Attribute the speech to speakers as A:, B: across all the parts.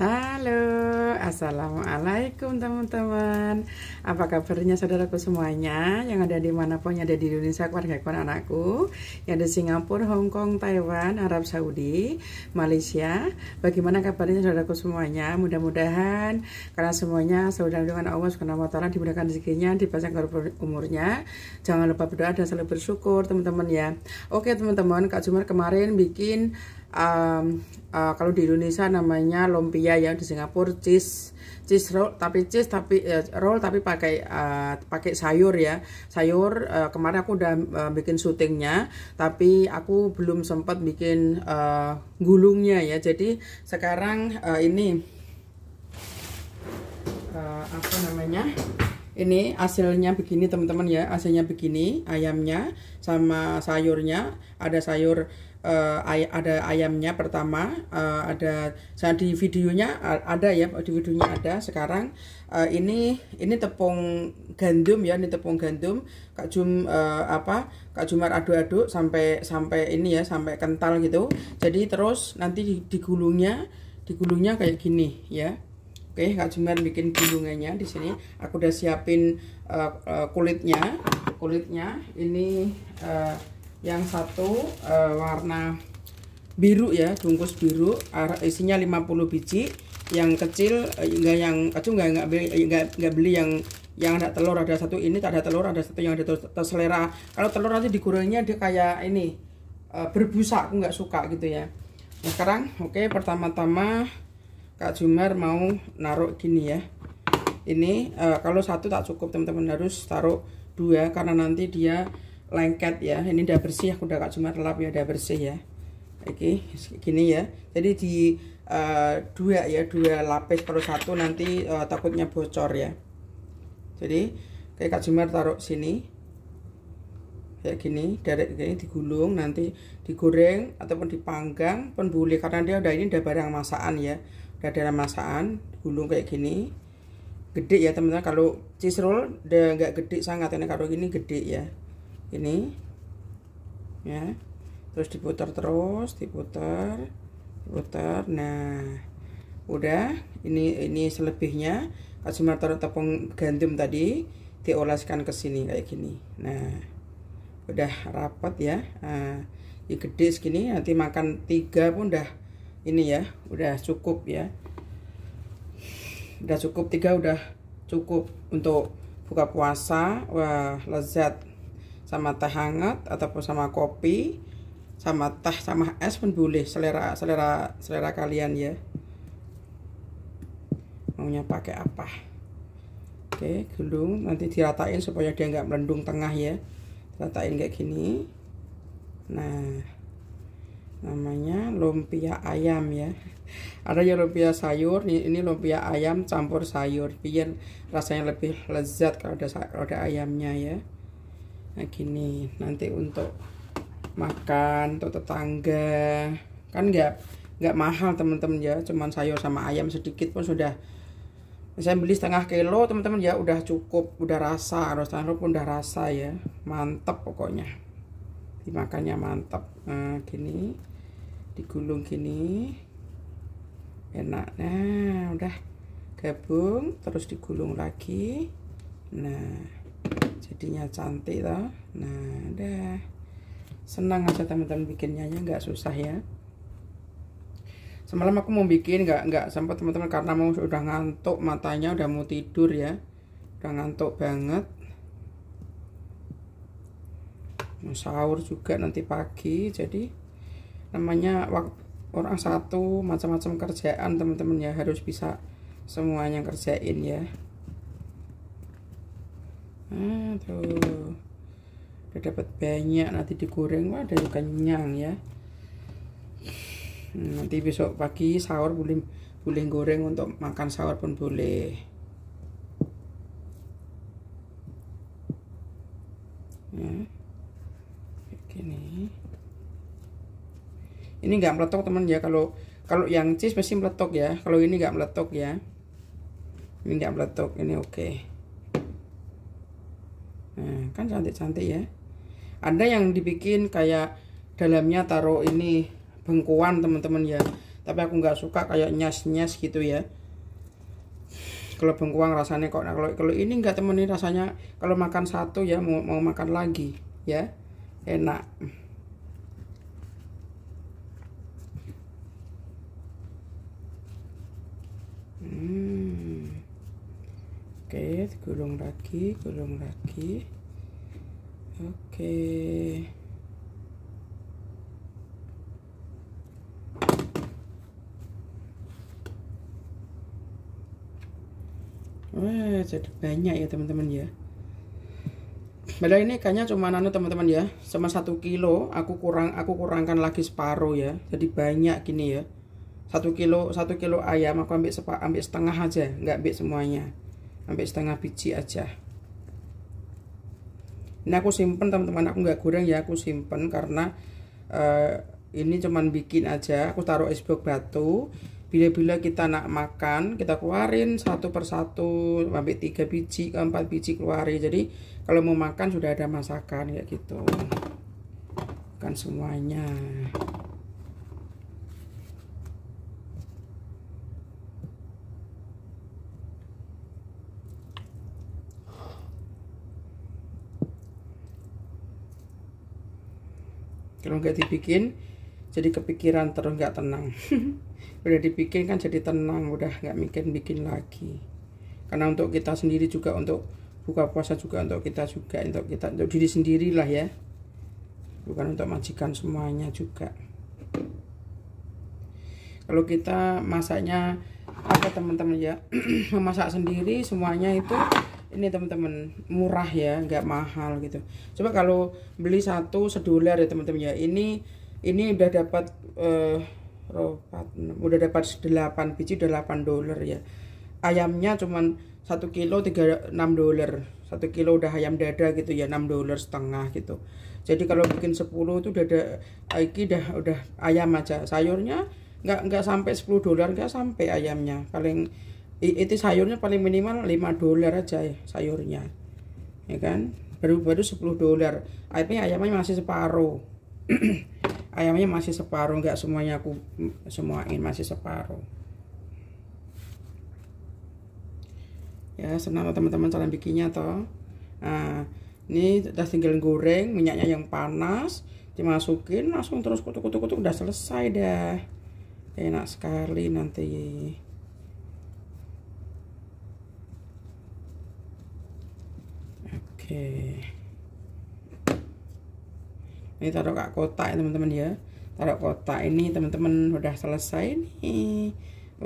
A: Halo, Assalamualaikum teman-teman Apa kabarnya saudaraku semuanya Yang ada di dimanapun yang ada di Indonesia Keluarga kon anakku Yang ada di Singapura, Hong Kong, Taiwan, Arab Saudi, Malaysia Bagaimana kabarnya saudaraku semuanya Mudah-mudahan karena semuanya saudara dengan Allah Subhanahu wa ta'ala Diberikan rezekinya, dipasangkan umurnya Jangan lupa berdoa dan selalu bersyukur teman-teman ya Oke teman-teman, Kak Jumar kemarin bikin um, uh, kalau di Indonesia namanya lumpia ya di Singapura cheese cheese roll tapi cheese tapi uh, roll tapi pakai uh, pakai sayur ya sayur uh, kemarin aku udah uh, bikin syutingnya tapi aku belum sempat bikin uh, gulungnya ya jadi sekarang uh, ini uh, apa namanya ini hasilnya begini teman-teman ya hasilnya begini ayamnya sama sayurnya ada sayur uh, ay ada ayamnya pertama uh, ada saya di videonya ada ya di videonya ada sekarang uh, ini ini tepung gandum ya ini tepung gandum Kak Jum uh, apa Kak Jumar aduk-aduk sampai sampai ini ya sampai kental gitu jadi terus nanti digulungnya digulungnya kayak gini ya Oke, Kak Jumar bikin gulungannya di sini. Aku udah siapin uh, uh, kulitnya, kulitnya ini uh, yang satu uh, warna biru ya bungkus biru isinya 50 biji yang kecil eh, enggak yang kecil enggak enggak beli eh, enggak, enggak beli yang yang ada telur ada satu ini tak ada telur ada satu yang ada selera, kalau telur nanti digorengnya dia kayak ini berbusa aku nggak suka gitu ya nah sekarang oke okay, pertama-tama Kak Jumar mau naruh gini ya ini uh, kalau satu tak cukup teman-teman harus taruh dua karena nanti dia lengket ya ini udah bersih aku udah gak cuma lap ya udah bersih ya oke gini ya jadi di uh, dua ya dua lapis per satu nanti uh, takutnya bocor ya jadi kayak Kak Jumar taruh sini kayak gini dari gini digulung nanti digoreng ataupun dipanggang pun boleh karena dia udah ini udah barang masakan ya udah dalam masakan gulung kayak gini gede ya teman-teman kalau cheese roll udah nggak gede sangat ini kalau gini gede ya ini ya terus diputar terus diputar diputar nah udah ini ini selebihnya kasih taruh tepung gandum tadi dioleskan ke sini kayak gini nah udah rapat ya nah, ini gede segini nanti makan tiga pun udah ini ya udah cukup ya udah cukup tiga udah cukup untuk buka puasa wah lezat sama teh hangat ataupun sama kopi sama teh sama es pun boleh selera selera selera kalian ya maunya pakai apa oke gulung nanti diratain supaya dia nggak melendung tengah ya ratain kayak gini nah namanya lumpia ayam ya ada ya lumpia sayur ini lumpia ayam campur sayur biar rasanya lebih lezat kalau ada kalau ada ayamnya ya nah gini nanti untuk makan untuk tetangga kan nggak nggak mahal teman-teman ya cuman sayur sama ayam sedikit pun sudah saya beli setengah kilo teman-teman ya udah cukup udah rasa harus taruh pun udah rasa ya mantep pokoknya dimakannya mantep nah gini digulung gini enak nah udah gabung terus digulung lagi nah jadinya cantik toh nah deh senang aja teman-teman bikinnya ya nggak susah ya semalam aku mau bikin nggak nggak sempat teman-teman karena mau sudah ngantuk matanya udah mau tidur ya udah ngantuk banget mau sahur juga nanti pagi jadi namanya orang satu macam-macam kerjaan teman-teman ya harus bisa semuanya kerjain ya Hmm, aduh, tuh udah dapat banyak nanti digoreng wah ada kenyang ya hmm, nanti besok pagi sahur boleh boleh goreng untuk makan sahur pun boleh hmm, ini nggak meletok teman ya kalau kalau yang cheese pasti meletok ya kalau ini nggak meletok ya ini nggak meletok ini oke okay nah, kan cantik-cantik ya ada yang dibikin kayak dalamnya taruh ini bengkuan teman-teman ya tapi aku nggak suka kayak nyas-nyas gitu ya kalau bengkuang rasanya kok nah, kalau kalau ini nggak temenin rasanya kalau makan satu ya mau, mau makan lagi ya enak hmm. Oke, gulung lagi, gulung lagi. Oke. Wah, jadi banyak ya teman-teman ya. Padahal ini ikannya cuma nano teman-teman ya, sama satu kilo. Aku kurang, aku kurangkan lagi separuh ya. Jadi banyak gini ya. Satu kilo, satu kilo ayam aku ambil sepa, ambil setengah aja, nggak ambil semuanya sampai setengah biji aja ini aku simpen teman-teman aku nggak goreng ya aku simpen karena uh, ini cuman bikin aja aku taruh es blok batu bila-bila kita nak makan kita keluarin satu persatu sampai tiga biji keempat biji keluarin jadi kalau mau makan sudah ada masakan ya gitu kan semuanya kalau nggak dibikin jadi kepikiran terus nggak tenang udah dibikin kan jadi tenang udah nggak mikir bikin lagi karena untuk kita sendiri juga untuk buka puasa juga untuk kita juga untuk kita untuk diri sendirilah ya bukan untuk majikan semuanya juga kalau kita masaknya apa teman-teman ya memasak sendiri semuanya itu ini teman-teman murah ya nggak mahal gitu coba kalau beli satu sedulur ya teman-teman ya ini ini udah dapat eh, uh, udah dapat 8 biji udah 8 dolar ya ayamnya cuman 1 kilo 36 dolar 1 kilo udah ayam dada gitu ya 6 dolar setengah gitu jadi kalau bikin 10 itu udah ada iki udah udah ayam aja sayurnya nggak nggak sampai 10 dolar nggak sampai ayamnya paling itu sayurnya paling minimal 5 dolar aja ya sayurnya ya kan baru-baru 10 dolar ayamnya ayamnya masih separuh ayamnya masih separuh enggak semuanya aku semua semuain masih separuh ya senang teman-teman cara bikinnya toh nah ini udah tinggal goreng minyaknya yang panas dimasukin langsung terus kutuk kutuk udah selesai dah enak sekali nanti Oke. Ini taruh kak kotak ya teman-teman ya. Taruh kotak ini teman-teman udah selesai nih.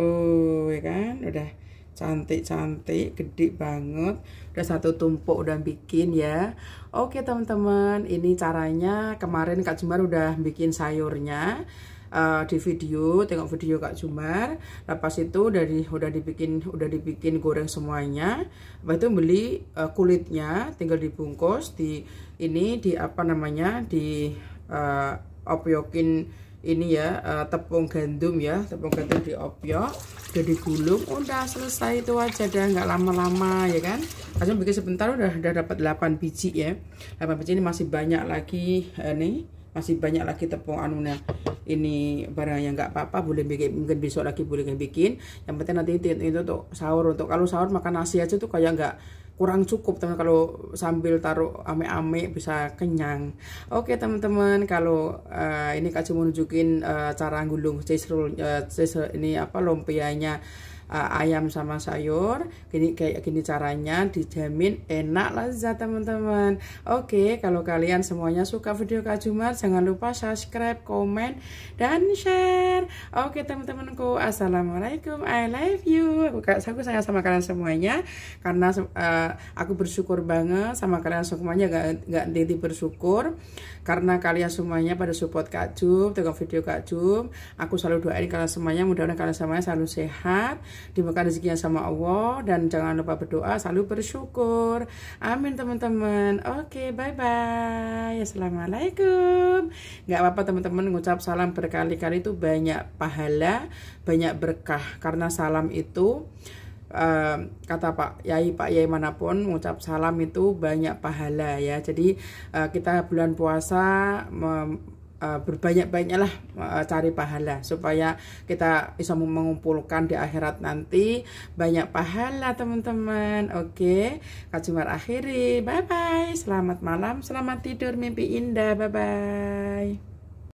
A: Oh, ya kan? Udah cantik-cantik, gede banget. Udah satu tumpuk udah bikin ya. Oke, teman-teman, ini caranya. Kemarin Kak Jumar udah bikin sayurnya uh, di video tengok video Kak Jumar lepas itu dari udah dibikin udah dibikin goreng semuanya lepas itu beli uh, kulitnya tinggal dibungkus di ini di apa namanya di uh, opiokin ini ya uh, tepung gandum ya tepung gandum di opio, udah digulung udah selesai itu aja dah nggak lama-lama ya kan langsung bikin sebentar udah udah dapat 8 biji ya 8 biji ini masih banyak lagi ini masih banyak lagi tepung anunya ini barang yang nggak apa-apa boleh bikin mungkin besok lagi boleh bikin yang penting nanti itu, itu untuk sahur untuk kalau sahur makan nasi aja tuh kayak nggak kurang cukup teman kalau sambil taruh ame-ame bisa kenyang oke teman-teman kalau uh, ini kak cuma nunjukin uh, cara gulung roll uh, ini apa lumpianya uh, ayam sama sayur gini kayak gini caranya dijamin enak lezat teman-teman oke kalau kalian semuanya suka video Kak Jumat jangan lupa subscribe komen dan share oke okay, teman-temanku Assalamualaikum I love you aku, aku sayang sama kalian semuanya karena uh, aku bersyukur banget sama kalian semuanya gak, gak nanti bersyukur karena kalian semuanya pada support Kak Jum tengok video Kak Jum aku selalu doain kalian semuanya mudah-mudahan kalian semuanya selalu sehat dibuka rezekinya sama Allah dan jangan lupa berdoa selalu bersyukur amin teman-teman oke bye bye assalamualaikum nggak apa-apa teman-teman ngucap salam berkali-kali itu banyak pahala banyak berkah karena salam itu Uh, kata Pak Yai Pak Yai manapun mengucap salam itu banyak pahala ya jadi uh, kita bulan puasa Eh, berbanyak-banyaklah eh, cari pahala supaya kita bisa mengumpulkan di akhirat nanti banyak pahala teman-teman oke Kak Jumar akhiri bye bye selamat malam selamat tidur mimpi indah bye bye